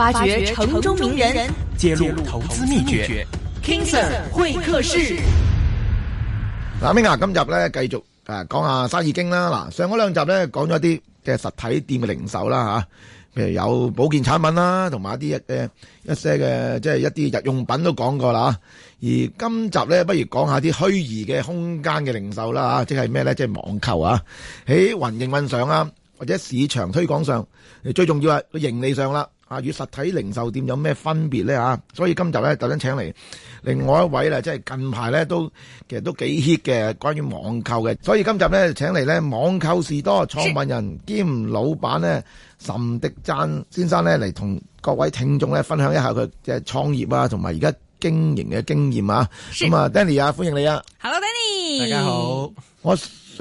發掘城中名人，揭露投資秘訣。KingSir 會客室。嗱，咩啊？今集咧繼續誒講下生意經啦。嗱，上嗰兩集咧講咗啲即係實體店嘅零售啦吓，譬如有保健產品啦，同埋一啲嘅一些嘅即係一啲日用品都講過啦。而今集咧，不如講下啲虛擬嘅空間嘅零售啦吓，即係咩咧？即係網購啊，喺運營運上啊，或者市場推廣上，最重要係盈利上啦。啊，與實體零售店有咩分別咧？嚇，所以今集咧特登請嚟另外一位咧，即係近排咧都其實都幾 hit 嘅，關於網購嘅。所以今集咧請嚟咧網購士多創辦人兼老闆咧岑迪湛先生咧嚟同各位聽眾咧分享一下佢創業啊，同埋而家經營嘅經驗啊。咁啊，Danny 啊，歡迎你啊。Hello，Danny。大家好，我。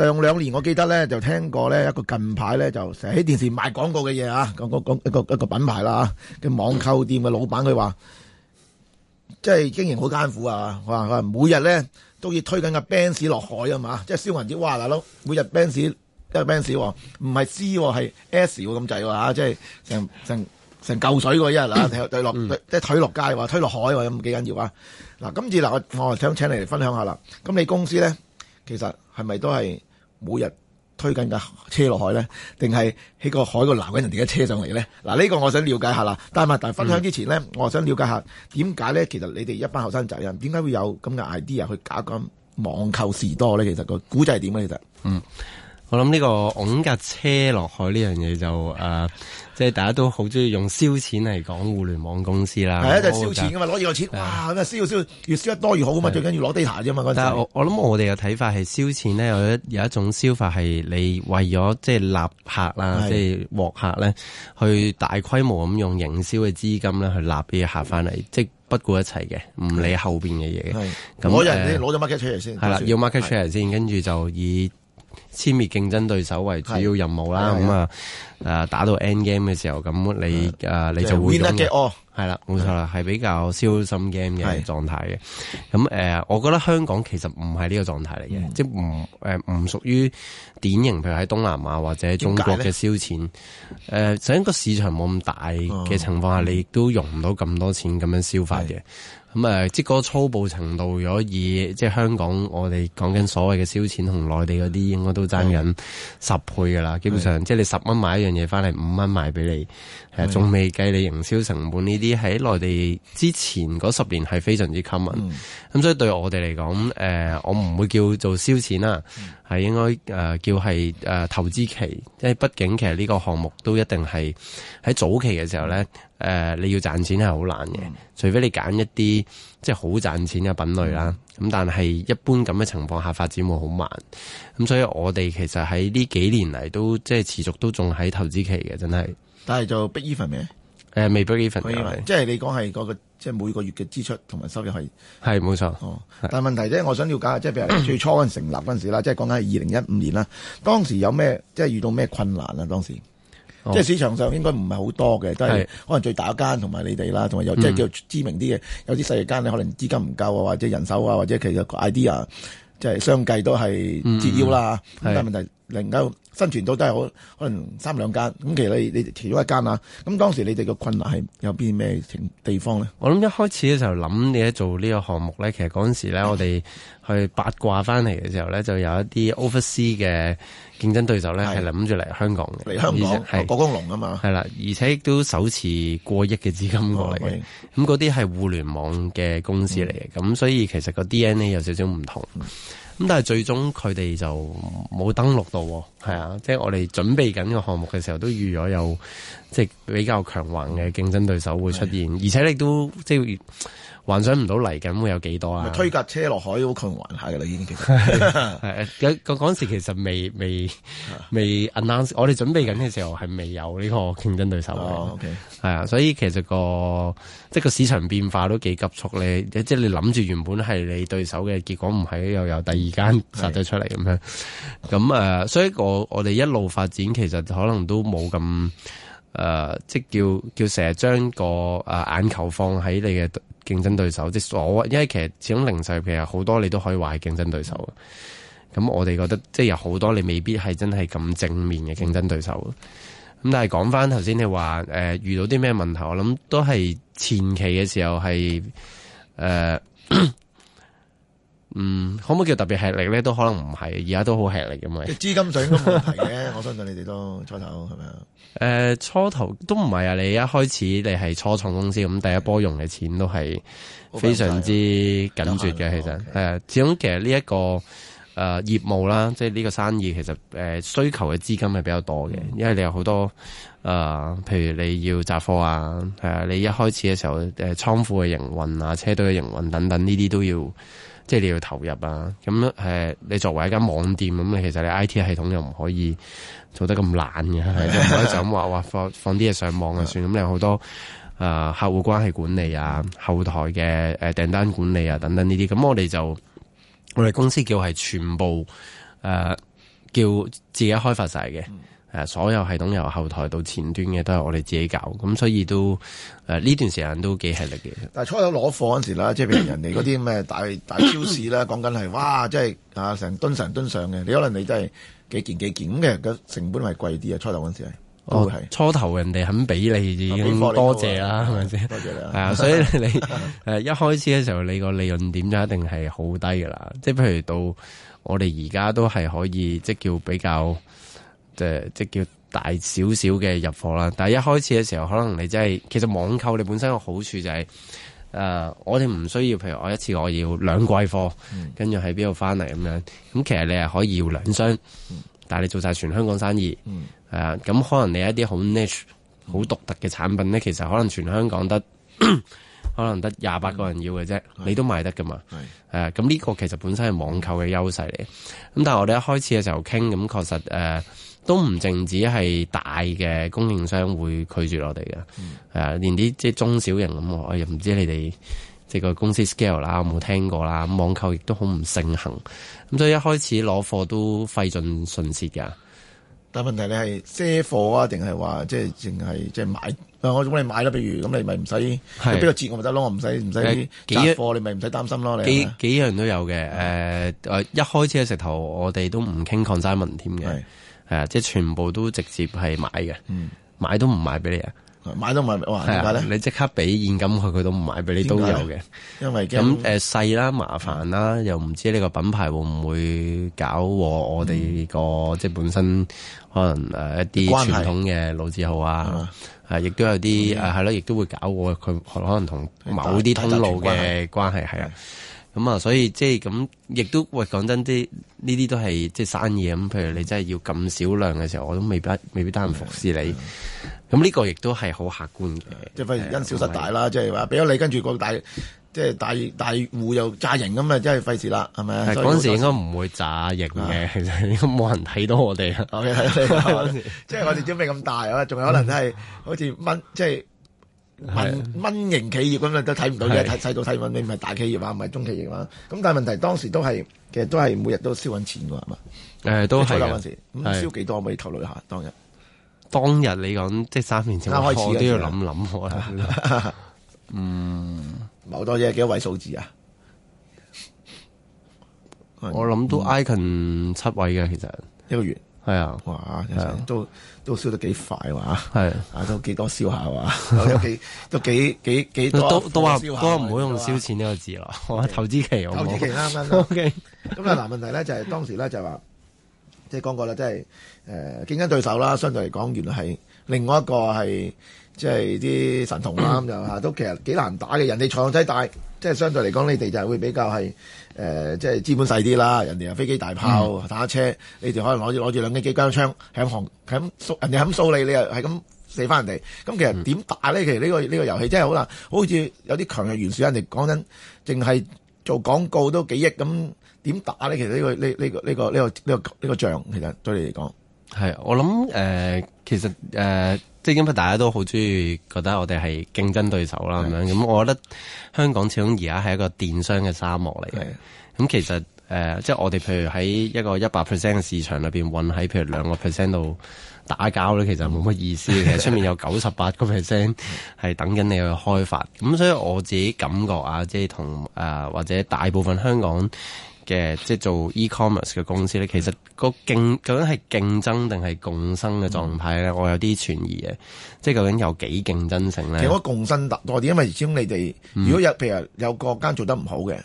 上兩年我記得咧，就聽過咧一個近排咧就成日喺電視上賣廣告嘅嘢啊，講個一個一個品牌啦，嘅網購店嘅老闆佢話，即、嗯、係經營好艱苦啊，話話每日咧都要推緊個 Benz 落海啊嘛，即係燒雲子，哇，大佬每日 Benz 因為 Benz 唔係 C 喎，係 S 喎咁滯喎即係成成成舊水嗰一日啦推落即係推落街、啊，話推落海喎咁幾緊要啊？嗱，今次嗱我我想請你嚟分享下啦，咁你公司咧其實係咪都係？每日推緊架車落海呢，定係喺個海度攪緊人哋架車上嚟呢？嗱，呢個我想了解下啦。但係但係分享之前呢，我想了解下點解呢？其實你哋一班後生仔人點解會有咁嘅 idea 去搞咁網購士多呢？其實個估計係點呢？其實嗯。我諗呢個拱架車落海呢樣嘢就誒、呃，即係大家都好中意用燒錢嚟講互聯網公司啦。係啊，就燒、是、錢噶嘛，攞住個錢哇，咁啊燒燒越燒得多越好噶嘛，最緊要攞 data 啫嘛，我我諗我哋嘅睇法係燒錢呢，有一有一種燒法係你為咗即係立客啦，即係獲客呢，去大規模咁用營銷嘅資金咧去立啲客翻嚟，即係、就是、不顧一切嘅，唔理後邊嘅嘢。係，攞人先，先，攞咗 market share 先。係啦，要 market share 先，跟住就以。殲滅競爭對手為主要任務啦，咁啊，誒、呃、打到 end game 嘅時候，咁你誒你就會贏嘅，係啦、啊，冇錯啦，係比較燒心 game 嘅狀態嘅。咁誒、嗯呃，我覺得香港其實唔係呢個狀態嚟嘅、嗯，即係唔誒唔屬於典型，譬如喺東南亞或者中國嘅燒錢。誒，就、呃、一個市場冇咁大嘅情況下，哦、你亦都用唔到咁多錢咁樣消費嘅。咁誒，即係嗰個粗暴程度，如果以即係香港，我哋講緊所謂嘅燒錢，同內地嗰啲，應該都爭緊十倍噶啦。基本上，即係你十蚊買一樣嘢翻嚟，五蚊賣俾你，係仲未計你營銷成本呢啲。喺內地之前嗰十年係非常之吸引。咁所以對我哋嚟講，誒，我唔會叫做燒錢啦，係應該叫係誒投資期，因為畢竟其實呢個項目都一定係喺早期嘅時候呢。誒、呃，你要賺錢係好難嘅，除非你揀一啲即係好賺錢嘅品類啦。咁但係一般咁嘅情況下發展會好慢。咁所以我哋其實喺呢幾年嚟，都即係持續都仲喺投資期嘅，真係。但係就 break even 未？誒、呃，未 break even。即係你講係個個即係每個月嘅支出同埋收入係係冇錯。但係問題即係，我想了解，即係譬如你最初嗰陣成立嗰陣時啦， 即係講緊係二零一五年啦，當時有咩即係遇到咩困難啦、啊？當時？好即係市場上應該唔係好多嘅，都係可能最大間同埋你哋啦，同埋是有即係叫知名啲嘅，有啲細間你可能資金唔夠啊，或者人手啊，或者其實個 idea 即係相繼都係折腰啦。嗯嗯但問題能夠，生存到都係好可能三兩間咁，其實你你其中一間啊，咁當時你哋嘅困難係有邊咩情地方咧？我諗一開始嘅時候諗你做呢個項目咧，其實嗰陣時咧我哋去八卦翻嚟嘅時候咧，就有一啲 Oversea 嘅競爭對手咧係諗住嚟香港嘅，嚟香港係郭公龍啊嘛，係啦，而且亦都手持過億嘅資金過嚟，咁嗰啲係互聯網嘅公司嚟嘅，咁、嗯、所以其實個 DNA 有少少唔同。嗯但係最終佢哋就冇登錄到喎，係啊，即係我哋準備緊個項目嘅時候，都預咗有即係比較強橫嘅競爭對手會出現，而且亦都即係。幻想唔到嚟緊會有幾多啊？推架車落海都狂玩下㗎啦，已經其實係誒嗰時其實未未未 announce，我哋準備緊嘅時候係未有呢個競爭對手嘅，係啊， 所以其實、嗰個即係個市場變化都幾急速咧。即係你諗住原本係你對手嘅，結果唔係又有第二間殺咗出嚟咁樣。咁誒，所以我我哋一路發展其實可能都冇咁誒，即叫叫成日將個眼球放喺你嘅。競爭對手即係所謂，因為其實始終零售其實好多你都可以話係競爭對手。咁我哋覺得即係有好多你未必係真係咁正面嘅競爭對手。咁但係講翻頭先你話誒、呃、遇到啲咩問題，我諗都係前期嘅時候係誒。呃 嗯，可唔可以叫特別吃力咧？都可能唔係，而家都好吃力咁嘛。資金上應該唔係嘅， 我相信你哋都初頭係咪啊？誒，初頭、呃、都唔係啊！你一開始你係初創公司，咁第一波用嘅錢都係非常之緊絀嘅。其實係啊、okay.，始終其實呢、這、一個誒、呃、業務啦，即係呢個生意，其實誒、呃、需求嘅資金係比較多嘅、嗯，因為你有好多誒、呃，譬如你要集貨啊，係啊，你一開始嘅時候誒倉庫嘅營運啊，車隊嘅營運等等呢啲都要。即係你要投入啊，咁誒，你作為一間網店咁，你其實你 IT 系統又唔可以做得咁懶嘅，唔可以就咁話，話 放放啲嘢上網就算。咁你有好多誒、呃、客戶關係管理啊，後台嘅誒訂單管理啊，等等呢啲，咁我哋就我哋公司叫係全部誒、呃、叫自己開發晒嘅。嗯誒，所有系統由後台到前端嘅都係我哋自己搞，咁所以都誒呢、呃、段時間都幾吃力嘅。但係初頭攞貨嗰時啦， 即係譬如人哋嗰啲咩大大超市啦，講緊係哇，即係啊成噸成噸上嘅，你可能你真係幾件幾件嘅，成本係貴啲啊。初頭嗰時係，哦初頭人哋肯俾你已經多謝啦，係咪先？多謝，係啊， 所以你誒 一開始嘅時候，你個利潤點就一定係好低噶啦。即係譬如到我哋而家都係可以，即叫比較。即、就、即、是、叫大少少嘅入貨啦，但係一開始嘅時候，可能你真、就、係、是、其實網購你本身個好處就係、是、誒、呃，我哋唔需要，譬如我一次我要兩季貨、嗯，跟住喺邊度翻嚟咁樣咁，其實你係可以要兩箱，嗯、但你做晒全香港生意係、嗯、啊。咁可能你一啲好 niche 好獨特嘅產品咧，其實可能全香港得、嗯、 可能得廿八個人要嘅啫、嗯，你都賣得噶嘛？誒咁呢個其實本身係網購嘅優勢嚟嘅。咁但係我哋一開始嘅時候傾咁，確實誒。呃都唔淨止係大嘅供應商會拒絕我哋嘅、嗯啊，連啲即係中小型咁，我又唔知你哋即係公司 scale 啦，我冇聽過啦？網購亦都好唔盛行，咁所以一開始攞貨都費盡唇舌㗎。但問題係你係卸貨啊，定係話即係淨係即係買？啊、我幫你買啦、啊，譬如咁，你咪唔使俾個折我咪得咯，我唔使唔使雜貨，你咪唔使擔心咯、啊。你幾，幾樣都有嘅、呃啊，一開始嘅石頭我哋都唔傾 consignment。係啊，即係全部都直接係買嘅、嗯，買都唔買俾你啊，買都唔係話點解咧，你即刻俾現金佢，佢都唔買俾你都有嘅。因為咁誒，細啦，麻煩啦、啊，又唔知呢個品牌會唔會搞我我哋個、嗯、即係本身可能誒一啲傳統嘅老字號啊，亦、啊啊、都有啲誒係咯，亦、嗯啊、都會搞我，佢可能同某啲通路嘅關係係啊。咁、嗯、啊，所以即係咁，亦都喂，講真啲，呢啲都係即係生意咁。譬如你真係要咁少量嘅時候，我都未必未必得閒服侍你。咁、嗯、呢、嗯、個亦都係好客觀嘅，即係費事因小失大啦。即係話俾咗你，跟住個大即係大大戶又炸型咁啊，即係費事啦，係咪啊？嗰時應該唔會炸型嘅，啊、其實應該冇人睇到我哋。ok 你即係我哋準備咁大，啊，仲有可能係、嗯、好似蚊，即係。啊、蚊蚊型企業咁啊，都睇唔到嘢，細到睇唔到，你唔係大企業啊，唔係中企業啊。咁但係問題，當時都係，其實都係每日都燒緊錢噶，係、嗯、嘛？誒，都係。幾多錢？燒幾多？可以考慮下當日。當日你講即係三年前啱開始我都要諗諗、 嗯啊。嗯，冇多嘢，幾多位數字啊？我諗都挨近七位嘅，其實一個月。係啊，哇！都都燒得幾快哇！係啊，都幾多燒下哇！都幾都幾幾幾多 都都都唔好用燒錢呢個字咯，投資期好好。投資期啱啱。咁啊，難、okay、問題咧就係、是、當時咧就話，即係講過啦，即係誒，競、呃、爭對手啦，相對嚟講，原來係另外一個係，即係啲神童啦，咁就吓都其實幾難打嘅，人哋財仔大。即係相對嚟講，你哋就係會比較係誒，即、呃、係、就是、資本細啲啦。人哋有飛機大炮、嗯、打車車，你哋可能攞住攞住兩支機關槍，喺行喺掃人哋喺掃你，你又係咁死翻人哋。咁其實點打呢？嗯、其實呢、這個呢、這個遊戲真係、就是、好難。好似有啲強弱懸殊人哋講緊，淨係做廣告都幾億咁，點打呢？其實呢、這個呢呢呢個呢、這個呢、這個呢、這個仗、這個這個，其實對你嚟講係啊。我諗誒、呃，其實誒。呃依家大家都好中意覺得我哋係競爭對手啦，咁樣咁，我覺得香港始終而家係一個電商嘅沙漠嚟嘅。咁其實誒，即係我哋譬如喺一個一百 percent 嘅市場裏邊，混，喺譬如兩個 percent 度打交，咧，其實冇乜、呃、意思嘅。出 面有九十八個 percent 係等緊你去開發。咁 所以我自己感覺啊，即係同誒或者大部分香港。嘅即係做 e-commerce 嘅公司咧，其實個競究竟係競爭定係共生嘅狀態咧、嗯，我有啲存疑嘅，即係究竟有幾競爭性咧？其實個共生多啲，因為始終你哋如果有譬如有個間做得唔好嘅。嗯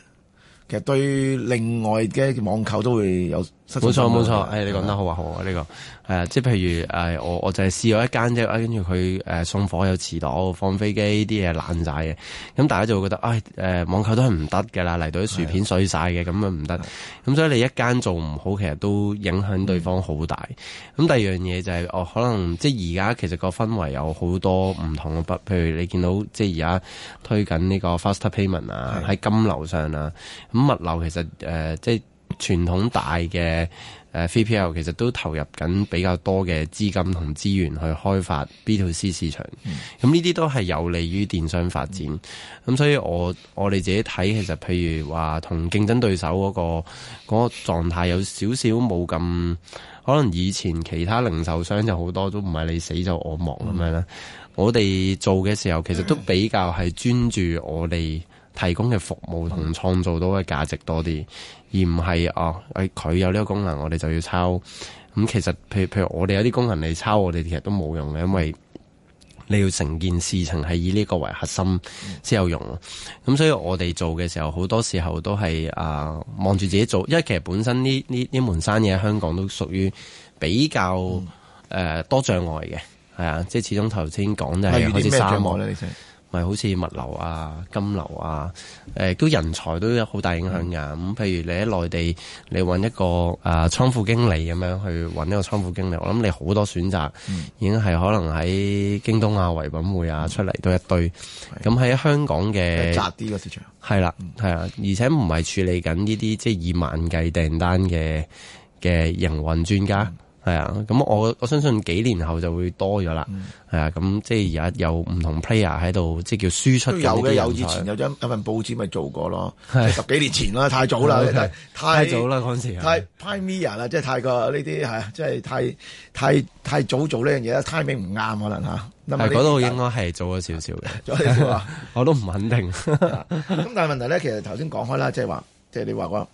其實對另外嘅網購都會有失冇錯冇錯，誒、哎，你講得好啊，是是好啊，呢、這個係啊，即係譬如誒、啊，我我就係試過一間啫，跟住佢誒送貨、有遲到，放飛機啲嘢爛晒嘅，咁大家就會覺得，誒、啊啊，網購都係唔得噶啦，嚟到啲薯片碎晒嘅，咁樣唔得，咁所以你一間做唔好，其實都影響對方好大。咁、嗯、第二樣嘢就係、是，哦、啊，可能即係而家其實個氛圍有好多唔同嘅，譬如你見到即係而家推緊呢個 Faster Payment 啊，喺金流上啊。咁物流其實誒、呃，即係傳統大嘅誒 CPL 其實都投入緊比較多嘅資金同資源去開發 B to C 市場，咁呢啲都係有利於電商發展。咁、嗯嗯、所以我我哋自己睇，其實譬如話同競爭對手嗰個嗰個狀態有少少冇咁，可能以前其他零售商就好多都唔係你死就我亡咁樣啦。我哋、嗯、做嘅時候、嗯，其實都比較係專注我哋。提供嘅服務同創造到嘅價值多啲、嗯，而唔係啊，佢、哦、有呢個功能，我哋就要抄。咁、嗯、其實譬，譬如譬如我哋有啲功能你抄，我哋其實都冇用嘅，因為你要成件事情係以呢個為核心先有用。咁、嗯、所以，我哋做嘅時候，好多時候都係啊，望、呃、住自己做，因為其實本身呢呢呢門生意喺香港都屬於比較誒、嗯呃、多障礙嘅，係啊，即係始終頭先講就係開咪好似物流啊、金流啊，誒都人才都有好大影響㗎。咁、嗯、譬如你喺內地，你揾一個誒、呃、倉庫經理咁樣去揾一個倉庫經理，我諗你好多選擇，嗯、已經係可能喺京東啊、唯品會啊出嚟都一堆。咁、嗯、喺香港嘅窄啲嘅市場，係啦，係、嗯、啊，而且唔係處理緊呢啲即係以萬計訂單嘅嘅營運專家。嗯係啊，咁我我相信幾年後就會多咗啦。係、嗯、啊，咁即係而家有唔同 player 喺度，即係叫輸出有。有嘅，有以前有張有份報紙咪做過咯，係、啊，十幾年前啦、啊，太早啦，okay，太早啦嗰陣時太，太 pioneer 啊，即係太過呢啲係啊，即係太太太早做呢樣嘢啦，timing 唔啱可能吓，係嗰度應該係早咗少少嘅， 我都唔不肯定 。咁但係問題咧，其實頭先講開啦，即係話，即、就、係、是、你話我。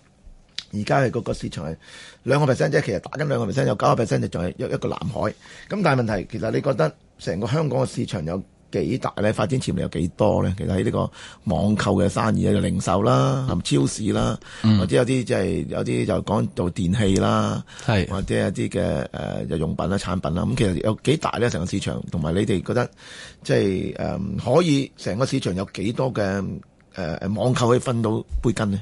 而家係個個市場係兩個 percent 啫，其實打緊兩個 percent，有九個 percent 就仲係一一個藍海，咁但係問題，其實你覺得成個香港嘅市場有幾大咧？發展潛力有幾多咧？其實喺呢個網購嘅生意啊，有零售啦，係超市啦，嗯、或者有啲即係有啲就講做電器啦，係或者一啲嘅誒日用品啦產品啦。咁其實有幾大咧成個市場？同埋你哋覺得即係誒可以成個市場有幾多嘅誒誒網購可以分到杯羹呢？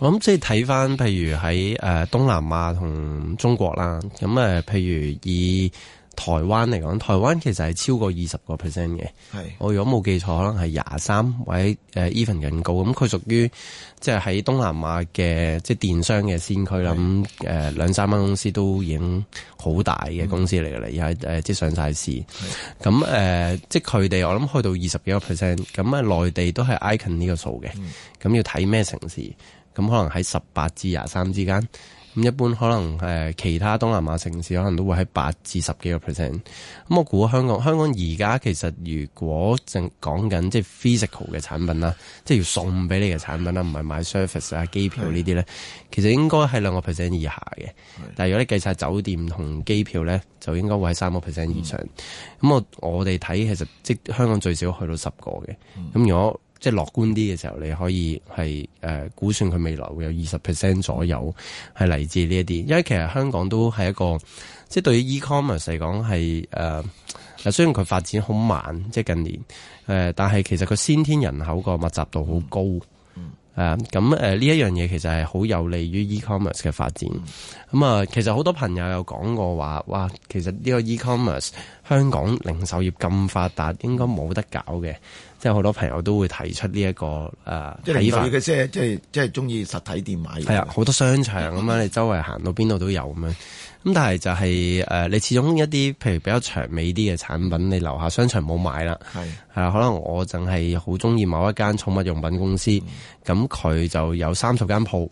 我諗即係睇翻，譬如喺誒東南亞同中國啦，咁誒，譬如以台灣嚟講，台灣其實係超過二十個 percent 嘅。係我如果冇記錯，可能係廿三或者誒 even 更高。咁佢屬於即係喺東南亞嘅即係電商嘅先驅啦。咁誒兩三間公司都已經好大嘅公司嚟嘅啦，而係誒即係上晒市。咁誒、呃、即係佢哋，我諗去到二十幾個 percent，咁啊內地都係 icon 呢個數嘅。咁、嗯、要睇咩城市？咁可能喺十八至廿三之間，咁一般可能誒、呃、其他東南亞城市可能都會喺八至十幾個 percent。咁我估香港香港而家其實如果淨講緊即係 physical 嘅產品啦，即係要送俾你嘅產品啦，唔係買 service 啊機票呢啲呢，其實應該係兩個 percent 以下嘅。但係如果你計晒酒店同機票呢，就應該會喺三個 percent 以上。咁、嗯、我我哋睇其實即香港最少去到十個嘅。咁、嗯、如果即係樂觀啲嘅時候，你可以係誒、呃、估算佢未來會有二十 percent 左右係嚟自呢一啲，因為其實香港都係一個即係對於 e-commerce 嚟講係誒、呃、雖然佢發展好慢，即係近年誒、呃，但係其實佢先天人口個密集度好高。誒咁誒呢一樣嘢其實係好有利於 e-commerce 嘅發展。咁啊，其實好多朋友有講過話，哇，其實呢個 e-commerce 香港零售業咁發達，應該冇得搞嘅。即係好多朋友都會提出呢一個誒睇法。你嘅即係即係即係中意實體店買嘢。係、哎、啊，好多商場啊嘛，你周圍行到邊度都有咁樣。咁但係就係、是、誒、呃，你始終一啲譬如比較長尾啲嘅產品，你樓下商場冇買啦。係、啊、可能我淨係好中意某一間寵物用品公司，咁、嗯、佢就有三十間鋪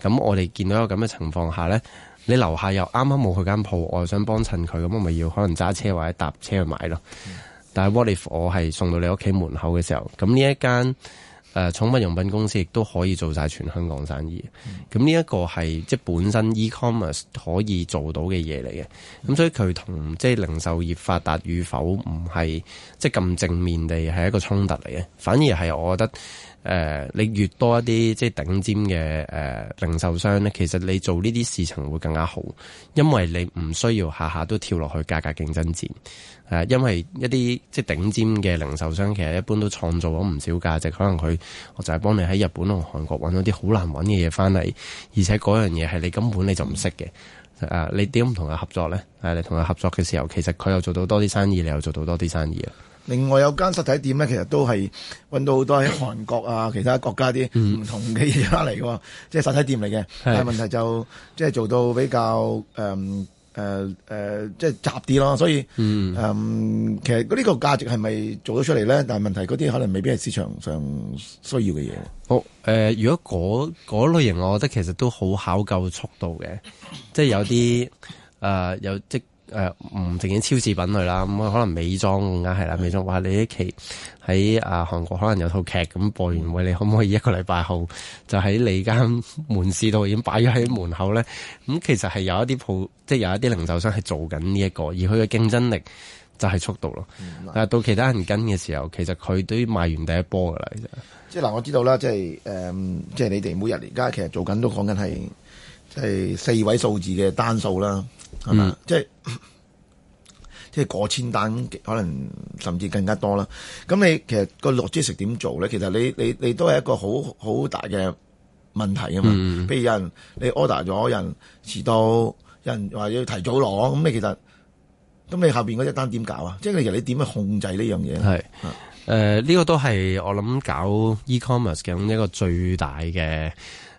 咁、嗯、我哋見到一個咁嘅情況下呢，你樓下又啱啱冇佢間鋪我又想幫襯佢，咁我咪要可能揸車或者搭車去買咯、嗯。但係 What if 我係送到你屋企門口嘅時候，咁呢一間誒寵物用品公司亦都可以做曬全香港生意，咁呢一個係即係本身 e-commerce 可以做到嘅嘢嚟嘅，咁所以佢同即係零售業發達與否唔係即係咁正面地係一個衝突嚟嘅，反而係我覺得誒、呃、你越多一啲即係頂尖嘅、呃、零售商呢，其實你做呢啲事情會更加好，因為你唔需要下下都跳落去價格競爭戰，誒、呃，因為一啲即係頂尖嘅零售商其實一般都創造咗唔少價值，可能佢。我就係幫你喺日本同韓國揾到啲好難揾嘅嘢翻嚟，而且嗰樣嘢係你根本你就唔識嘅，啊你點同佢合作咧？你同佢合作嘅時候，其實佢又做到多啲生意，你又做到多啲生意啊！另外有間實體店咧，其實都係揾到好多喺韓國啊，其他國家啲唔同嘅嘢翻嚟，即、嗯、係實體店嚟嘅。但係問題就即係、就係、做到比較誒。嗯誒、呃、誒、呃，即係雜啲咯，所以嗯，嗯，其實嗰呢個價值係咪做得出嚟咧？但係問題嗰啲可能未必係市場上需要嘅嘢。好、呃、誒，如果嗰嗰類型，我覺得其實都好考究速度嘅，即係有啲誒、呃、有即。誒、呃，唔淨係超市品類啦，咁可能美妝啊係啦，美妝話你一期喺啊韓國可能有套劇咁播完會，你可唔可以一個禮拜後就喺你間門市度已經擺咗喺門口咧？咁、 嗯、其實係有一啲鋪，即係有一啲零售商係做緊呢一個，而佢嘅競爭力就係速度咯、嗯。但到其他人跟嘅時候，其實佢都要賣完第一波噶啦。即係嗱，我知道啦，即係誒、即、嗯、係、就是、你哋每日而家其實做緊都講緊係。係四位數字嘅單數啦，係嘛、嗯？即係即係過千單，可能甚至更加多啦。咁你其實個 logistic 點做咧？其實你你你都係一個好好大嘅問題啊嘛。嗯、譬如有人你 order 咗，有人遲到，有人話要提早攞，咁你其實咁你後面嗰一單點搞啊？即係其實你點樣控制呢樣嘢？係，誒，呢個都係我諗搞 e-commerce 嘅一個最大嘅。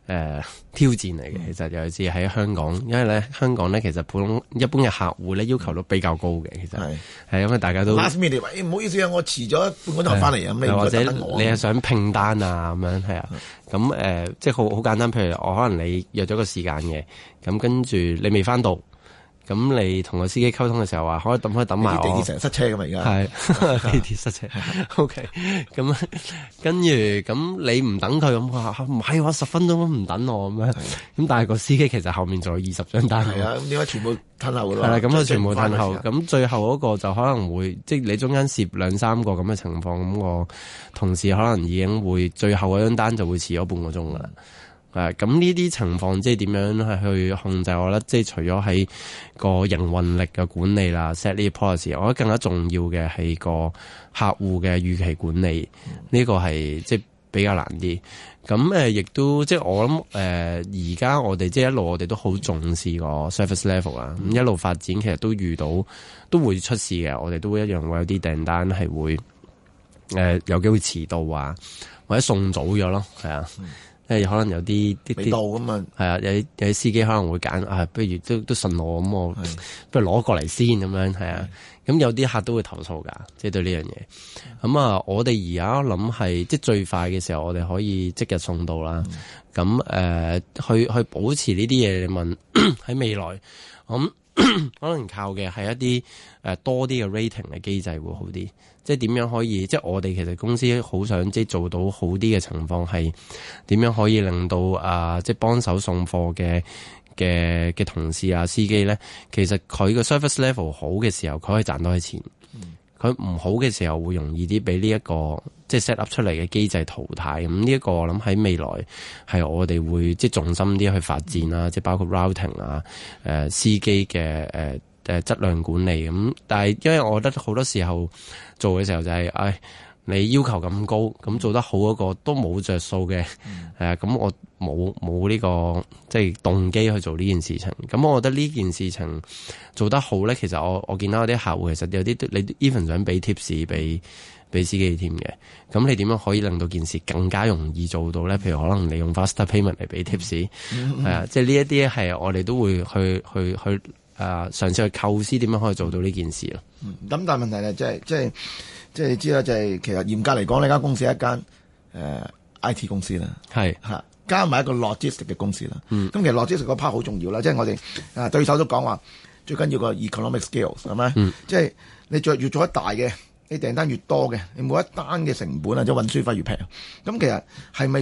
誒、呃，挑戰嚟嘅，其實尤其是喺香港，因為咧香港咧，其實普通一般嘅客戶咧要求都比較高嘅，其實係係因為大家都。唔、哎、唔好意思啊，我遲咗半個鐘頭翻嚟啊，或者你係想拼單啊咁樣，係啊，咁誒、呃，即係好好簡單，譬如我可能你約咗個時間嘅，咁跟住你未翻到。咁你同個司機溝通嘅時候話，可以等可以等埋地鐵，成日塞車咁啊，而家係地鐵塞車。O K，咁跟住咁你唔等佢咁話，唔係我十分鐘都唔等我咁樣。咁但係個司機其實後面仲有二十張單。係啊，咁點解全部褪後噶啦？係啦，咁全部褪後。咁、就是、最後嗰個就可能會，即係你中間攝兩三個咁嘅情況，咁我同事可能已經會最後嗰張單就會遲咗半個鐘噶啦。係、啊、咁，呢啲情況即係點樣去控制我呢？我覺得即係除咗喺個營運力嘅管理啦，set 啲 policy，我覺得更加重要嘅係個客戶嘅預期管理。呢、這個係即係比較難啲。咁亦、呃、都即係我諗誒，而、呃、家我哋即係一路我哋都好重視個 service level 啊。咁一路發展其實都遇到都會出事嘅，我哋都一樣會有啲訂單係會誒、呃、有機會遲到啊，或者送早咗咯，係啊。可能有啲啲啲，係啊，有有啲司機可能會揀啊，不如都都順路咁，我不如攞過嚟先咁樣係啊。咁有啲客都會投訴㗎、就是，即係對呢樣嘢。咁啊，我哋而家諗係即係最快嘅時候，我哋可以即日送到啦。咁、嗯呃、去去保持呢啲嘢你問喺 未來咁。嗯 可能靠嘅係一啲誒、呃、多啲嘅 rating 嘅機制會好啲，即係點樣可以，即係我哋其實公司好想即係做到好啲嘅情況係點樣可以令到啊、呃、即係幫手送貨嘅嘅嘅同事啊司機呢？其實佢個 service level 好嘅時候，佢可以賺多啲錢。佢唔好嘅時候會容易啲俾呢一個即係 set up 出嚟嘅機制淘汰。咁呢一個我諗喺未來係我哋會即係重心啲去發展啦，即係包括 routing 啊、呃、誒司機嘅誒誒質量管理咁。但係因為我覺得好多時候做嘅時候就係、是，唉，你要求咁高，咁做得好嗰個都冇着數嘅，係、呃、咁我。冇冇呢個即係動機去做呢件事情，咁我覺得呢件事情做得好咧，其實我我見到有啲客戶其實有啲你 even 想俾 tips 俾俾司機添嘅，咁你點樣可以令到件事更加容易做到咧？譬、嗯嗯嗯、如可能你用 faster payment 嚟俾 tips，係、嗯嗯、啊，即係呢一啲係我哋都會去去去誒嘗試去構思點樣可以做到呢件事咯。咁、嗯、但係問題咧，即係即係即係你知啦、就是，就係其實嚴格嚟講，呢、嗯、間公司係一間誒、呃、IT 公司啦，係吓。啊加埋一個 logistics 嘅公司啦，咁、嗯、其實 logistics 嗰 part 好重要啦，即、就、係、是、我哋啊對手都講話最緊要個 economic scale 係咪？即、嗯、係、就是、你著越做得大嘅，你訂單越多嘅，你每一單嘅成本或者係運輸費越平。咁、嗯、其實係咪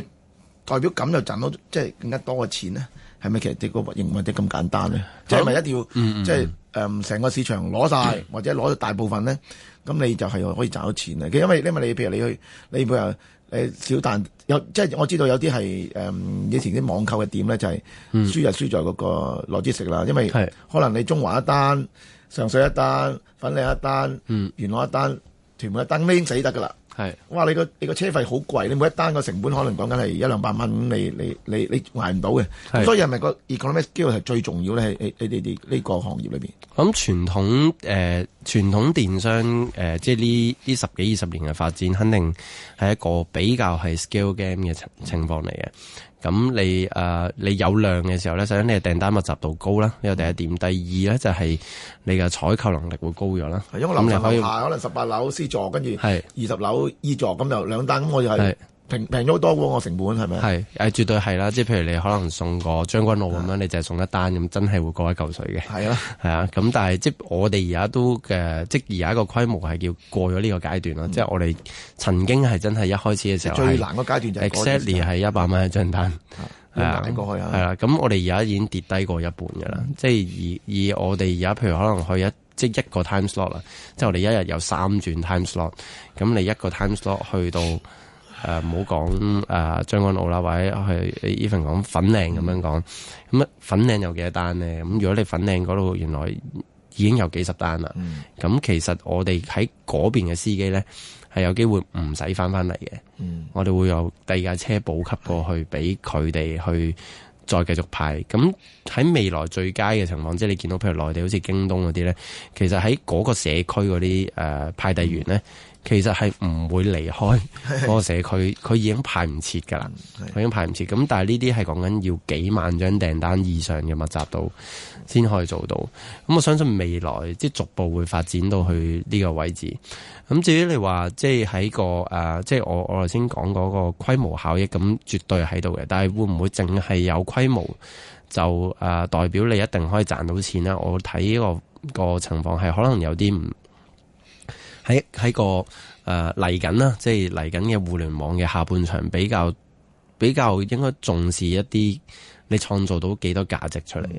代表咁就賺到即係、就是、更加多嘅錢呢？係咪其實啲個認為啲咁簡單呢？即係咪一定要即係誒成個市場攞晒、嗯，或者攞到大部分呢？咁你就係可以賺到錢啊！因為因為你譬如你去你譬如。呃、小單有即係我知道有啲係誒以前啲網購嘅店咧就係輸就輸在嗰個邏輯食啦，因為可能你中環一單，上水一單，粉嶺一單，元朗一單，屯門一單，呢啲死得㗎啦。係，哇！你個你個車費好貴，你每一單個成本可能講緊係一兩百蚊，你你你你捱唔到嘅。所以係咪個 economic skill 係最重要咧？喺你喺呢啲呢個行業裏邊，咁傳統誒，傳統、呃、電商誒、呃，即係呢呢十幾二十年嘅發展，肯定係一個比較係 scale game 嘅情情況嚟嘅。咁你誒、呃、你有量嘅時候咧，首先你嘅訂單密集度高啦，呢個第一點。第二咧就係你嘅採購能力會高咗啦。因為我諗你後排，可能十八樓 C 座跟住二十樓 E 座，咁就兩單咁我就係、是。平平咗多過我成本係咪？係誒，絕對係啦。即係譬如你可能送個將軍澳咁樣你就係送一單咁，真係會過一嚿水嘅。係啊，係啊。咁但係即我哋而家都即而家個個規模係叫過咗呢個階段啦、嗯。即係我哋曾經係真係一開始嘅時，時候，最難個階段就係 exactly 係一百蚊一張單，係啊，係啦。咁我哋而家已經跌低過一半㗎啦、嗯。即係而以我哋而家譬如可能去一即一個 time slot 啦，嗯、即係我哋一日有三轉 time slot，咁你一個 time slot 去到。嗯誒、呃，唔好講誒、將、呃、軍澳啦，或者係 even 講粉嶺咁樣講，咁、嗯、啊粉嶺有幾多單咧？咁如果你粉嶺嗰度原來已經有幾十單啦，咁、嗯、其實我哋喺嗰邊嘅司機咧係有機會唔使翻翻嚟嘅，我哋會有第二架車補給過去俾佢哋去再繼續派。咁喺未來最佳嘅情況，即係你見到譬如內地好似京東嗰啲咧，其實喺嗰個社區嗰啲誒派遞員咧。其實係唔會離開嗰、那個社區，佢已經排唔切噶啦，佢已經排唔切。咁但係呢啲係講緊要幾萬張訂單以上嘅密集度先可以做到。咁我相信未來即逐步會發展到去呢個位置。咁至於你話即係喺個誒，即係、啊、我我頭先講嗰個規模效益，咁絕對喺度嘅。但係會唔會淨係有規模就誒、啊、代表你一定可以賺到錢呢？我睇呢、這個、那個情況係可能有啲唔。喺喺個誒嚟緊啦，即係嚟緊嘅互聯網嘅下半場比較比較應該重視一啲你創造到幾多價值出嚟嘅，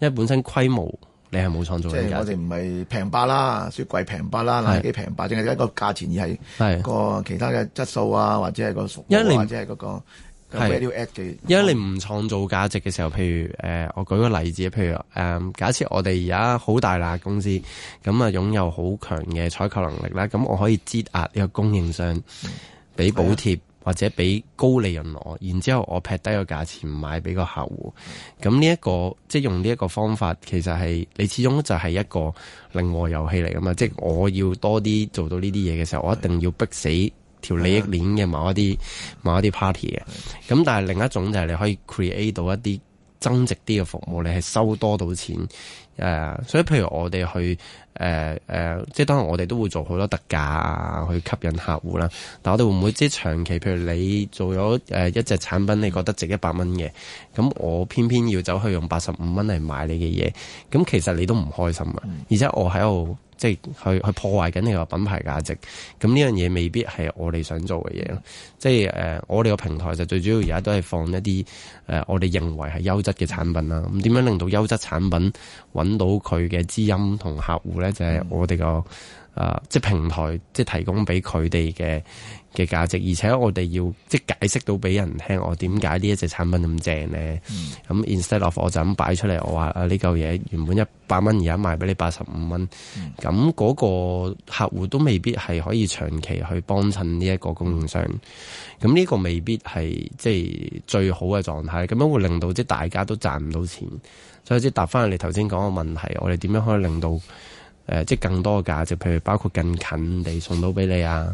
因為本身規模你係冇創造。即、就係、我哋唔係平白啦，雪櫃平白啦，冷氣平白，淨係一個價錢而係個其他嘅質素啊，或者係個熟，或者係個因為你唔創造價值嘅時候，譬如誒、呃，我舉個例子，譬如誒，假設我哋而家好大啦公司，咁啊擁有好強嘅採購能力啦，咁我可以擠壓呢個供應商，俾補貼或者俾高利潤我，然之後我劈低價，這個價錢買俾個客戶，咁呢一個即係用呢一個方法，其實係你始終就係一個零和遊戲嚟㗎嘛，即係我要多啲做到呢啲嘢嘅時候，我一定要逼死。條利益鏈嘅某一啲、yeah. 某一啲 party 嘅，咁但係另一種就係你可以 create 到一啲增值啲嘅服務，你係收多到錢，誒、uh，所以譬如我哋去，誒誒，即係當然我哋都會做好多特價啊，去吸引客戶啦。但我哋會唔會即係長期？譬如你做咗誒、uh, 一隻產品，你覺得值一百蚊嘅，咁我偏偏要走去用八十五蚊嚟買你嘅嘢，咁其實你都唔開心呀。而且我喺度。即係去去破壞緊你個品牌價值，咁呢樣嘢未必係我哋想做嘅嘢咯。即係、呃、我哋個平台就最主要而家都係放一啲、呃、我哋認為係優質嘅產品啦。咁點樣令到優質產品揾到佢嘅知音同客戶咧？就係、是、我哋個。啊！即係平台，即係提供俾佢哋嘅嘅價值，而且我哋要即係解釋到俾人聽，我點解呢一隻產品咁正咧？咁、嗯、instead of 我就咁擺出嚟，我話啊呢嚿嘢原本一百蚊而家賣俾你八十五蚊，咁、嗯、嗰、嗰個客戶都未必係可以長期去幫襯呢一個供應商，咁呢個未必係即係最好嘅狀態，咁樣會令到即係大家都賺唔到錢。所以即係答翻你頭先講嘅問題，我哋點樣可以令到？誒、呃，即更多嘅價值，譬如包括更近地送到俾你、嗯、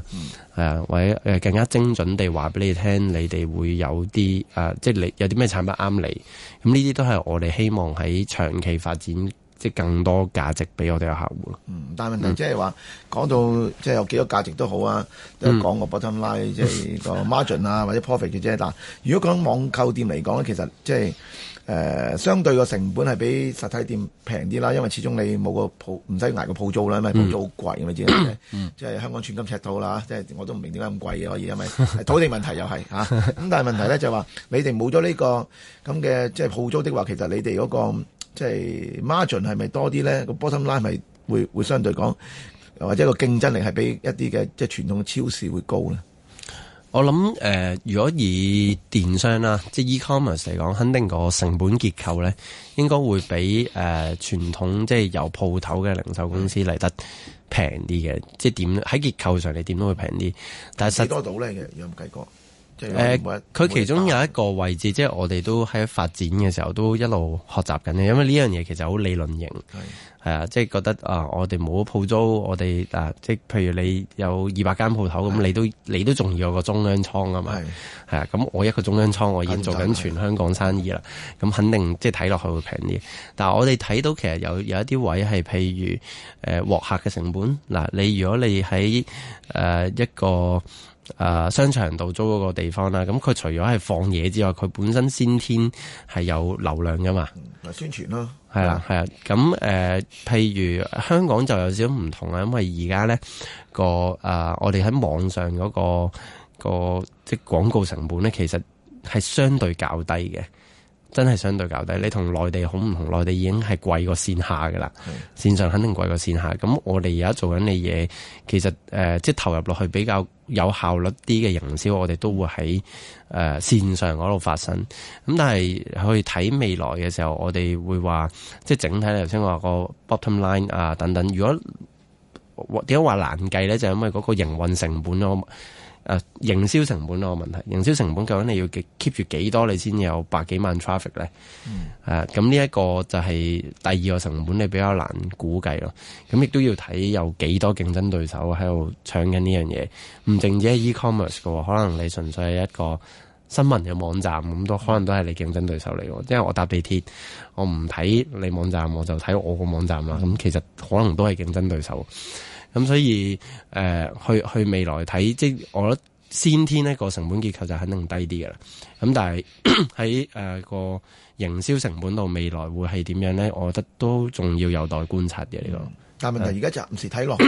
啊，或者、呃、更加精準地話俾你聽，你哋會有啲誒、呃，即你有啲咩產品啱你，咁呢啲都係我哋希望喺長期發展，即更多價值俾我哋嘅客戶咯、嗯。但係問題即係話講到即有幾多價值都好啊，都講講個 bottom line，即、嗯、係個 margin 啊， 或者 profit 嘅啫。但如果講網購店嚟講咧，其實即、就係誒、呃、相對個成本係比實體店平啲啦，因為始終你冇個鋪，唔使挨個鋪租啦，因為鋪租好貴、嗯，你知唔知、嗯？即係香港寸金尺土啦，即係我都唔明點解咁貴嘅可以，係咪土地問題又係咁但係問題咧就係、是、話，你哋冇咗呢個咁嘅即係鋪租的話，其實你哋嗰、那個即係 margin 係咪多啲咧？個 bottom line 係咪會會相對講或者個競爭力係比一啲嘅即係傳統超市會高咧？我諗誒、呃，如果以電商啦，即係 e-commerce 嚟講，肯定個成本結構咧，應該會比誒、呃、傳統即係有鋪頭嘅零售公司嚟得平啲嘅，即係點喺結構上你點都會平啲。但係幾多度咧？其實有冇計過？誒，佢其中有一個位置，即係我哋都喺發展嘅時候，都一路學習緊嘅。因為呢樣嘢其實好理論型，係啊，即係覺得啊，我哋冇鋪租，我哋嗱，即係譬如你有二百間鋪頭，咁你都你都仲要有個中央倉啊嘛，係啊。咁我一個中央倉，我已經做緊全香港生意啦，咁肯定即係睇落去會平啲。但係我哋睇到其實有有一啲位係，譬如誒，獲客嘅成本嗱，你如果你喺誒一個。誒、啊，商場度租嗰個地方啦，咁佢除咗係放嘢之外，佢本身先天係有流量噶嘛，嗱，宣傳啦係啦係啊，咁誒、呃，譬如香港就有少少唔同啦，因為而家咧個誒、呃，我哋喺網上嗰、那個個即係廣告成本咧，其實係相對較低嘅。真係相對較低，你同內地好唔同，內地已經係貴過線下噶啦。線上肯定貴過線下，咁我哋而家做緊嘅嘢，其實、呃、即係投入落去比較有效率啲嘅營銷，我哋都會喺誒、呃、線上嗰度發生。咁但係去睇未來嘅時候，我哋會話即係整體頭先話個 bottom line 啊等等。如果點解話難計呢？就係、因為嗰個營運成本咯。誒營銷成本嗰個問題，營銷成本究竟你要 keep 住幾多你先有百幾萬 traffic 咧？誒、嗯，咁呢一個就係第二個成本，你比較難估計咯。咁、啊、亦都要睇有幾多競爭對手喺度搶緊呢樣嘢，唔淨止 e-commerce 嘅，可能你純粹係一個新聞嘅網站咁都，可能都係你競爭對手嚟。因為我搭地鐵，我唔睇你網站，我就睇我個網站啦。咁其實可能都係競爭對手。咁所以，誒、呃、去去未來睇，即係我覺得先天呢個成本結構就肯定低啲嘅啦。咁但係喺誒個營銷成本度未來會係點樣咧？我覺得都仲要有待觀察嘅呢個。但問問題而家 就暫時睇落，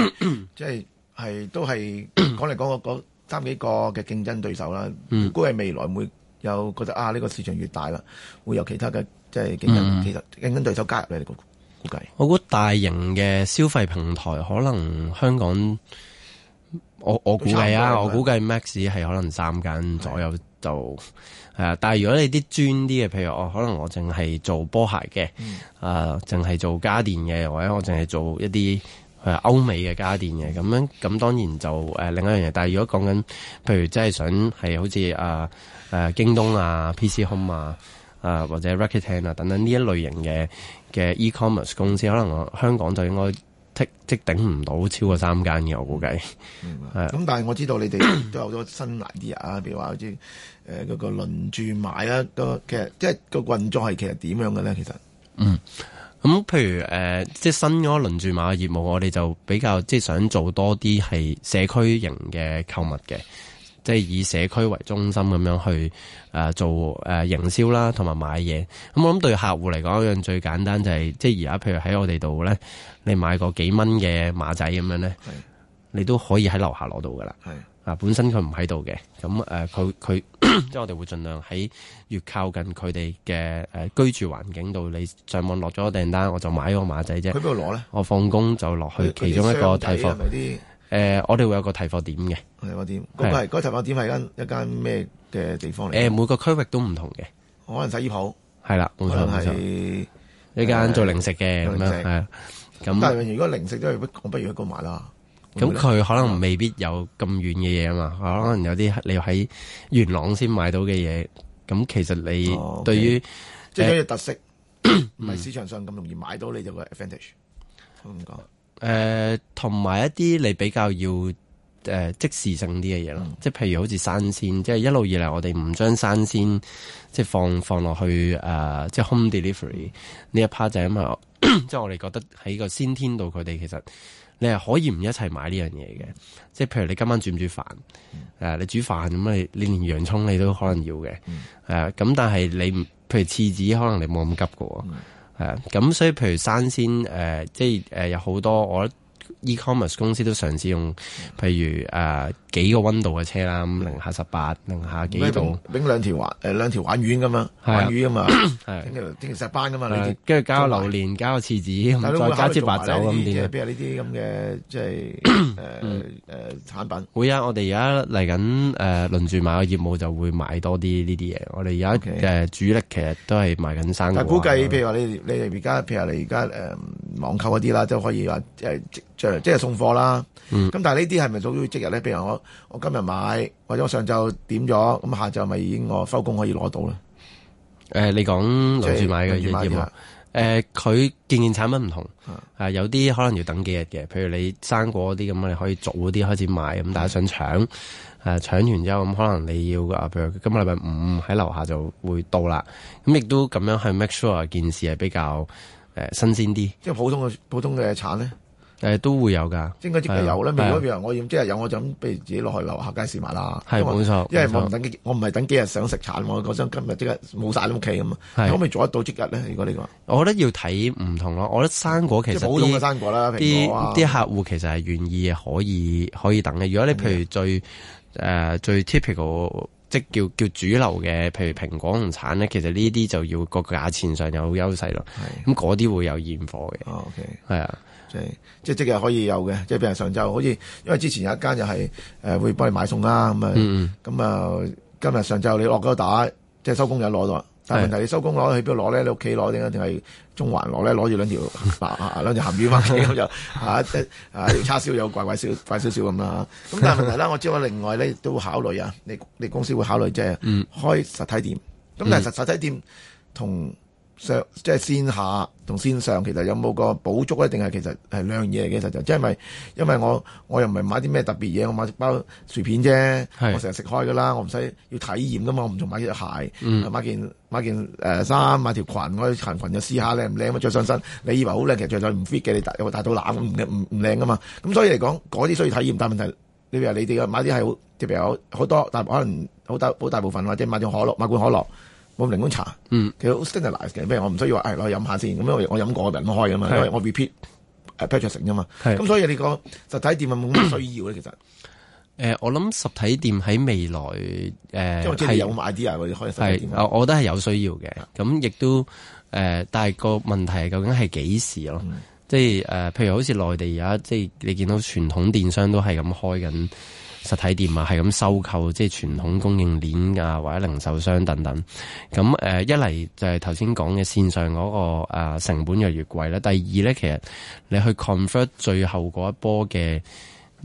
即係係都係講嚟講個嗰三幾個嘅競爭對手啦。如果係未來會有覺得啊，呢、這個市場越大啦，會有其他嘅即係競爭、嗯、其實競爭對手加入嚟估計我估大型嘅消費平台可能香港，我我估計啊，我估計 Max 係可能三間左右就係啊。但係如果你啲專啲嘅，譬如我、啊、可能我淨係做波鞋嘅，啊，淨係做家電嘅，或者我淨係做一啲誒歐美嘅家電嘅，咁樣咁當然就誒、啊、另一樣嘢。但係如果講緊，譬如真係想係好似啊誒、啊、京東啊 PC Home 啊。啊，或者 Rocketten 啊，等等呢一類型嘅嘅 e-commerce 公司，可能我香港就應該即頂唔到超過三間嘅，我估計。咁、啊、但係我知道你哋都有好多新 idea 啊，譬 如話好似誒嗰個輪住買啦。都、那個、其實即係個運作係其實點樣嘅咧？其實，嗯，咁譬如誒、呃，即係新嗰個輪住買嘅業務，我哋就比較即係想做多啲係社區型嘅購物嘅。即係以社區為中心咁樣去誒、呃、做誒、呃、營銷啦，同埋買嘢。咁、嗯、我諗對客戶嚟講一樣最簡單就係、是，即係而家譬如喺我哋度咧，你買個幾蚊嘅馬仔咁樣咧，你都可以喺樓下攞到噶啦。啊，本身佢唔喺度嘅，咁誒佢佢即係我哋會盡量喺越靠近佢哋嘅居住環境度，你上網落咗個訂單，我就買個個馬仔啫。佢邊度攞咧？我放工就落去其中一個睇房。誒、呃，我哋會有個提貨點嘅，提貨點，嗰個係嗰個提貨點係一間一間咩嘅地方嚟？誒、呃，每個區域都唔同嘅，可能洗衣鋪係啦，冇錯係。一間做零食嘅咁樣係咁，但係如果零食都係，我不如去購買啦。咁佢可能未必有咁遠嘅嘢啊嘛，可能有啲你喺元朗先買到嘅嘢，咁其實你對於、哦 okay 呃、即係一啲特色，唔係 市場上咁容易買到你、嗯，你就個 advantage。咁講。誒、呃，同埋一啲你比較要誒、呃、即時性啲嘅嘢咯，即係譬如好似生鮮，即係一路以嚟，我哋唔將生鮮即係放放落去誒，即係、呃、home delivery 呢一 part 就係因為， 即係我哋覺得喺個先天度，佢哋其實你係可以唔一齊買呢樣嘢嘅，即係譬如你今晚煮唔煮飯？誒、嗯呃，你煮飯，咁你你連洋葱你都可能要嘅，誒、嗯，咁、呃、但係你唔譬如廁紙可能你冇咁急過。嗯係啊，咁所以譬如生鮮，誒、呃，即係誒、呃，有好多我覺得 e-commerce 公司都嘗試用，譬如啊。呃幾個温度嘅車啦，咁零下十八、零下幾度，搵兩條玩誒，兩條鲩魚咁樣，鲩魚嘛，整條整條石斑嘛，跟、嗯、住、啊、加榴蓮，加個柿子，咁再加支白酒咁啲嘅，譬如呢啲咁嘅即係誒誒產品？會啊，我哋而家嚟緊誒輪住買嘅業務就會買多啲呢啲嘢。我哋而家嘅主力其實都係賣緊生。但估計，譬如話你你而家譬如話你而家誒網購嗰啲啦，都可以話即即貨、嗯、是是即係送貨啦。咁但係呢啲係咪屬於即日咧？譬如我。我今日買，或者我上晝點咗，咁下晝咪已經我收工可以攞到啦。誒、呃，你講輪轉買嘅要點啊？誒、就是，佢、呃、件件產品唔同，啊、呃，有啲可能要等幾日嘅，譬如你生果啲咁，你可以早啲開始買，咁大家想搶，誒、呃，搶完之後咁可能你要啊，譬如今日禮拜五喺樓下就會到啦。咁亦都咁樣去 make sure 件事係比較誒、呃、新鮮啲。即係普通嘅普通嘅產咧。誒，都會有噶，應該即係有啦。如果譬如我要即日有，我就不如自己落去樓下街市買啦。係冇錯，因為我唔等，等，等幾，我唔係等幾日想食橙，我想今日即刻冇曬屋企咁啊。可唔可以做得到即日咧？如果你話，我覺得要睇唔同咯。我覺得生果其實，即係普通嘅生果啦，啲啲，啊、客戶其實係願意可以可以等嘅。如果你譬如最誒、呃、最 typical，即叫叫主流嘅，譬如蘋果同橙咧，其實呢啲就要個價錢上有優勢咯。咁嗰啲會有現貨嘅。O K，係啊。Okay 即係即係，即係可以有嘅，即係比如上晝，好似因為之前有一間又係誒會幫你買餸啦，咁啊咁啊，今日上晝你落咗打，即係收工又攞到，但係問題是你收工攞去邊攞咧？你屋企攞定定係中環攞咧？攞住兩條兩條鹹魚翻嚟咁就啊，即啊叉燒有怪怪少怪少少咁啦咁但係問題咧，我知道我另外咧都會考慮啊，你你公司會考慮即係開實體店，咁、嗯嗯、但係實實體店同。上即係線下同線上，其實有冇個補足，一定係其實係兩樣嘢嘅，其實就即係咪？因為我我又唔係買啲咩特別嘢，我買包薯片啫，我成日食開噶啦，我唔使要體驗噶嘛，我唔仲買對鞋、嗯，買件買件誒衫、呃，買條裙，我行裙就試下靚唔靚咪着上身。你以為好靚，其實着就唔 fit 嘅，你又大到攬，唔唔靚噶嘛。咁所以嚟講，嗰啲需要體驗，但係問題你話你哋嘅買啲係好，即譬如好好多，但可能好大好大部分，或者買件可樂，買罐可樂。我寧茶，嗯，其實 standardize 嘅我唔需要話，哎，我飲下先咁樣，我飲過我就咁開噶嘛，因為我 repeat，patching 啫嘛。咁所以你講實體店係有冇需要咧？其實，誒、呃，我諗實體店喺未來誒係、呃、有冇 idea 去開實體店，是我係有需要嘅，咁亦都、呃、但係個問題究竟係幾時咯、嗯？即係、呃、譬如好似內地而家，即係你見到傳統電商都係咁開緊。實體店啊，係咁收購，即係傳統供應鏈啊，或者零售商等等。咁、呃、一嚟就係頭先講嘅線上嗰、那個、呃、成本越嚟越貴啦。第二呢，其實你去 convert 最後嗰一波嘅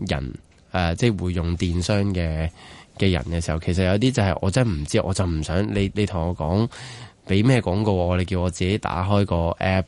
人、呃、即係會用電商嘅嘅人嘅時候，其實有啲就係我真係唔知，我就唔想你你同我講俾咩廣告，我你叫我自己打開個 app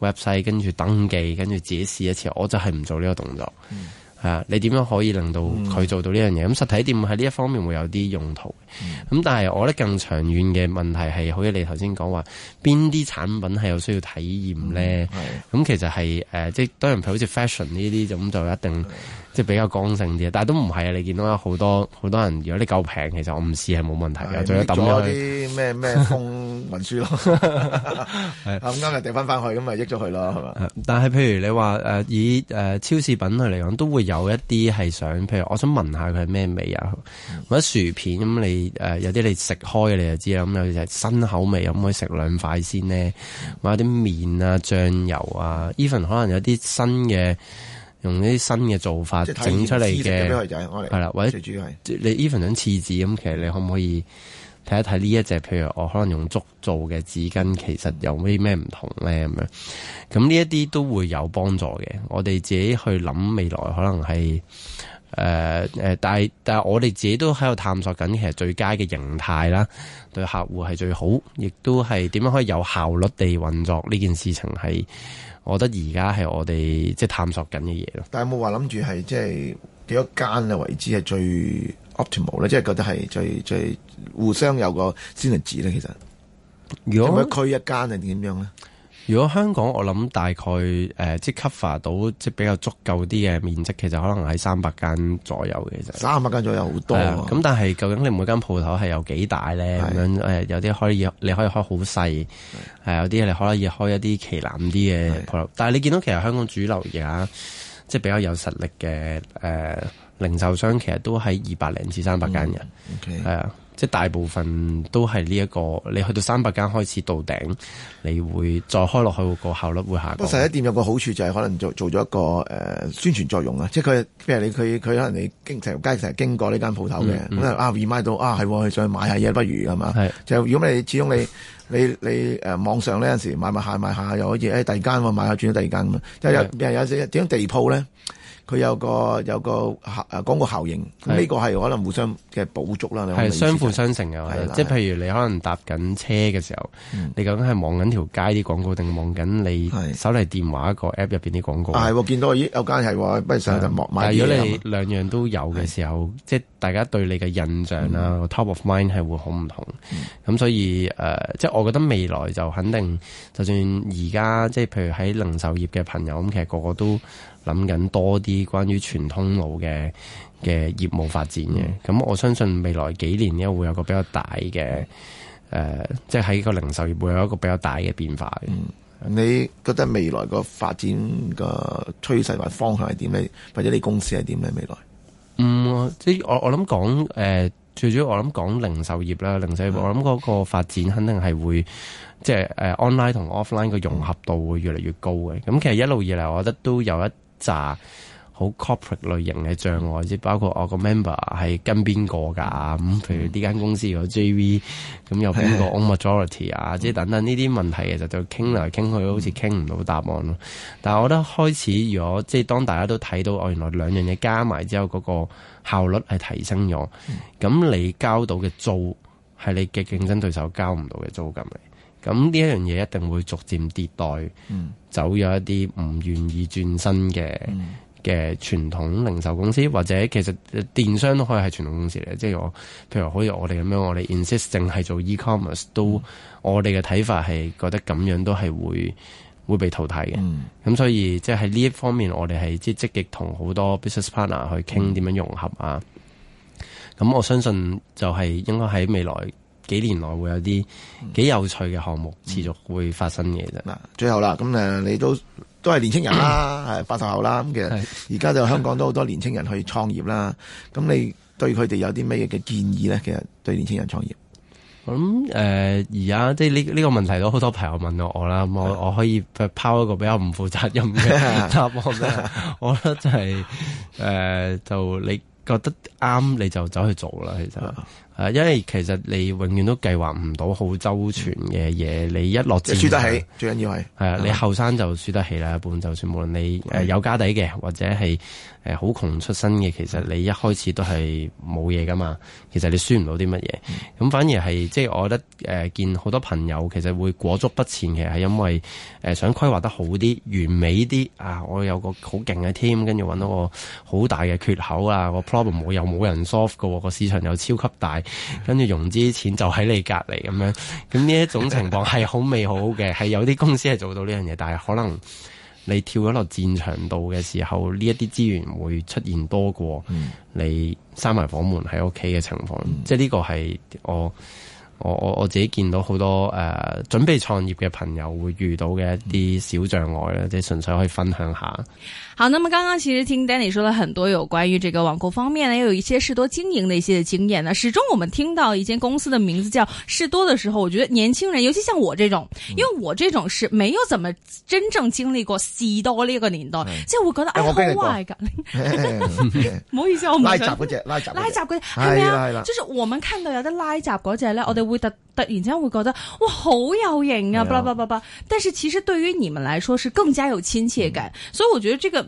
website，跟住登記，跟住自己試一次，我就係唔做呢個動作。嗯啊！你點樣可以令到佢做到呢樣嘢？咁、嗯、實體店喺呢一方面會有啲用途。咁、嗯、但係我覺得更長遠嘅問題係，好似你頭先講話，邊啲產品係有需要體驗咧？咁、嗯嗯、其實係、呃、即係當然好似 fashion 呢啲咁，就一定即係比較剛性啲。但係都唔係啊！你見到有好多好多人，如果你夠平，其實我唔試係冇問題嘅。最緊揼咗啲咩咩通文書咯，咁啱又掉翻翻去，咁咪益咗佢咯，係嘛、啊？但係譬如你話、呃、以、呃、超市品類嚟講，都會。有一啲係想，譬如我想聞下佢係咩味啊，或者薯片咁你誒、呃、有啲你食開嘅你就知啦，咁有啲係新口味，可唔可以食兩塊先呢？或者啲麵啊、醬油啊，even 可能有啲新嘅，用啲新嘅做法整出嚟嘅。係啦，或者最主要係你 even 想試紙咁，其實你可唔可以？睇一睇呢一隻，譬如我可能用竹做嘅紙巾，其實有啲咩唔同咧咁樣。咁呢一啲都會有幫助嘅。我哋自己去諗未來，可能係誒、呃呃、但係但係我哋自己都喺度探索緊，其實最佳嘅形態啦，對客戶係最好，亦都係點樣可以有效率地運作呢件事情係。我覺得而家係我哋即係探索緊嘅嘢咯。但係冇話諗住係即係幾多間嘅為之係最。optimal 咧，即係覺得係最最互相有個 synergy 咧。其實，如果區一間係點樣咧？如果香港，我諗大概、呃、即係 cover 到即係比較足夠啲嘅面積，其實可能喺三百間左右嘅啫。三百間左右好多咁、啊、但係究竟你每間鋪頭係有幾大咧？咁樣有啲可以你可以開好細、呃，有啲你可以開一啲旗艦啲嘅鋪頭。但係你見到其實香港主流而家即係比較有實力嘅零售商其實都喺二百零至三百間人，係、嗯 okay、啊，即係大部分都係呢一個。你去到三百間開始到頂，你會再開落去個效率會下降。實體店有個好處就係可能做做咗一個、呃、宣傳作用啊，即係佢譬如你佢佢可能你經濟街成經,經過呢間鋪頭嘅，咁、嗯嗯、啊二買到啊係，去想買下嘢不如㗎嘛？就如果你始終你你你誒、呃、網上呢陣時買下買下又可以誒第二間買下轉咗第二間咁係、okay. 有時點樣地鋪咧？佢有個有個效誒、啊、廣告效應，呢、這個係可能互相嘅補足啦。係相輔相成嘅，即係譬如你可能搭緊車嘅時候，你究竟係望緊條街啲廣告，定望緊你手提電話個 App 入邊啲廣告？係見到有間係，不如成日就買。但係如果你兩樣都有嘅時候，即係。大家對你嘅印象啦，個 top of mind 係會好唔同。咁、嗯、所以誒即係我覺得未來就肯定，就算而家即係譬如喺零售業嘅朋友，咁其實個個都諗緊多啲關於全通路嘅嘅業務發展嘅。咁、嗯、我相信未來幾年呢會有個比較大嘅，誒即係喺個零售業會有一個比較大嘅變化嘅、嗯。你覺得未來個發展個趨勢或方向係點呢？或者你公司係點呢？未來？嗯，即係我我諗講，誒，最主要我諗講零售業啦，零售業我諗嗰個發展肯定係會，即係誒 online 同 offline 個融合度會越嚟越高嘅。咁其實一路以嚟，我覺得都有一扎。好 corporate 類型嘅障礙，即係包括我個 member 係跟邊個㗎咁，譬如呢間公司 JV、嗯、有 JV，咁有邊個 majority 啊，即係等等呢啲問題，其實就傾嚟傾去，好似傾唔到答案咯、嗯。但係我覺得開始，如果即係當大家都睇到，哦原來兩樣嘢加埋之後，嗰、嗰個效率係提升咗，咁、嗯、你交到嘅租係你嘅競爭對手交唔到嘅租金嚟，咁呢一樣嘢一定會逐漸迭代，嗯、走咗一啲唔願意轉身嘅。嗯嘅傳統零售公司，或者其實電商都可以係傳統公司嚟。即係我，譬如好似我哋咁樣，我哋 insist 淨係做 e-commerce，都、嗯、我哋嘅睇法係覺得咁樣都係會會被淘汰嘅。咁、嗯、所以即係喺呢一方面，我哋係即係積極同好多 business partner 去傾點樣融合啊。咁我相信就係應該喺未來幾年內會有啲幾有趣嘅項目持續會發生嘅啫。嗱、嗯，最後啦，咁誒，你都。都係年青人啦， 八十後啦，咁其實而家就香港都好多年青人去創業啦。咁 你對佢哋有啲咩嘅建議咧？其實對年青人創業，咁呃，而家即係呢呢個問題都好多朋友問到我啦。 我我可以拋一個比較唔負責任嘅答案啫。 我覺得就係，是呃，就你覺得啱你就走去做啦，其實。 啊，因為其實你永遠都計劃唔到好周全嘅嘢、嗯，你一落戰就輸得起，最緊要係啊！你後生就輸得起啦。一般、嗯、就算無論你有家底嘅、嗯，或者係好窮出身嘅，其實你一開始都係冇嘢噶嘛。其實你輸唔到啲乜嘢，咁、嗯、反而係即係我覺得、呃、見好多朋友其實會裹足不前嘅，係因為、呃、想規劃得好啲、完美啲啊！我有個好勁嘅 team，跟住搵到個好大嘅缺口啊，嗯個 problem 冇又冇人 solve 喎，嗯個市場又超級大。跟住融資錢就喺你隔籬咁樣，咁呢一種情況係好美好嘅，係 有啲公司係做到呢樣嘢，但係可能你跳咗落戰場度嘅時候，呢一啲資源會出現多過你閂埋房門喺屋企嘅情況，嗯、即係呢個係我我我我自己見到好多誒、呃、準備創業嘅朋友會遇到嘅一啲小障礙啦，即、嗯、係純粹可以分享下。好，那麼剛剛其實聽 Danny 說了很多有關於這個網購方面呢，也有一些士多經營的一些經驗。呢，始終我們聽到一間公司的名字叫士多的時候，我覺得年輕人，尤其像我這種，因為我這種是沒有怎麼真正經歷過士多這個年代，就、嗯、我覺得哎，好怪咖。不好意思，我拉閘嗰隻，拉閘拉閘嗰隻係咪就是我們看到有的拉閘嗰隻咧，我哋會突突然間會覺得哇好有型啊！哎就是、巴拉巴拉巴拉。但是其實對於你們來說是更加有親切感，所以我覺得這個。哎哎哎